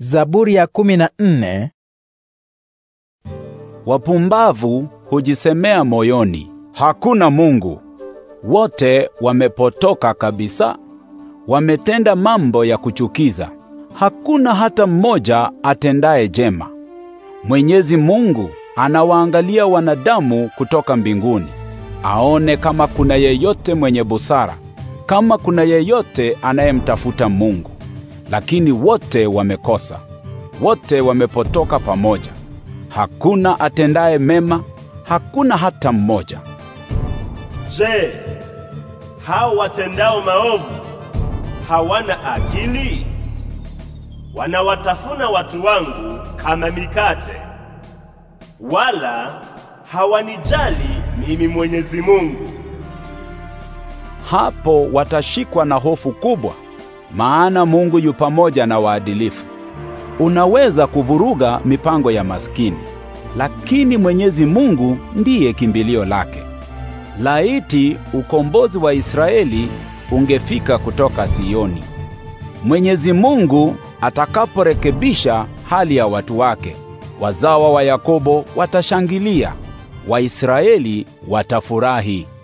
Zaburi ya kumi na nne. Wapumbavu hujisemea moyoni, hakuna Mungu. Wote wamepotoka kabisa, wametenda mambo ya kuchukiza, hakuna hata mmoja atendaye jema. Mwenyezi Mungu anawaangalia wanadamu kutoka mbinguni, aone kama kuna yeyote mwenye busara, kama kuna yeyote anayemtafuta Mungu lakini wote wamekosa, wote wamepotoka pamoja. Hakuna atendaye mema, hakuna hata mmoja. Je, hao watendao maovu hawana akili? Wanawatafuna watu wangu kama mikate, wala hawanijali mimi Mwenyezi Mungu. Hapo watashikwa na hofu kubwa maana Mungu yu pamoja na waadilifu. Unaweza kuvuruga mipango ya maskini, lakini Mwenyezi Mungu ndiye kimbilio lake. Laiti ukombozi wa Israeli ungefika kutoka Sioni. Mwenyezi Mungu atakaporekebisha hali ya watu wake, wazawa wa Yakobo watashangilia, Waisraeli watafurahi.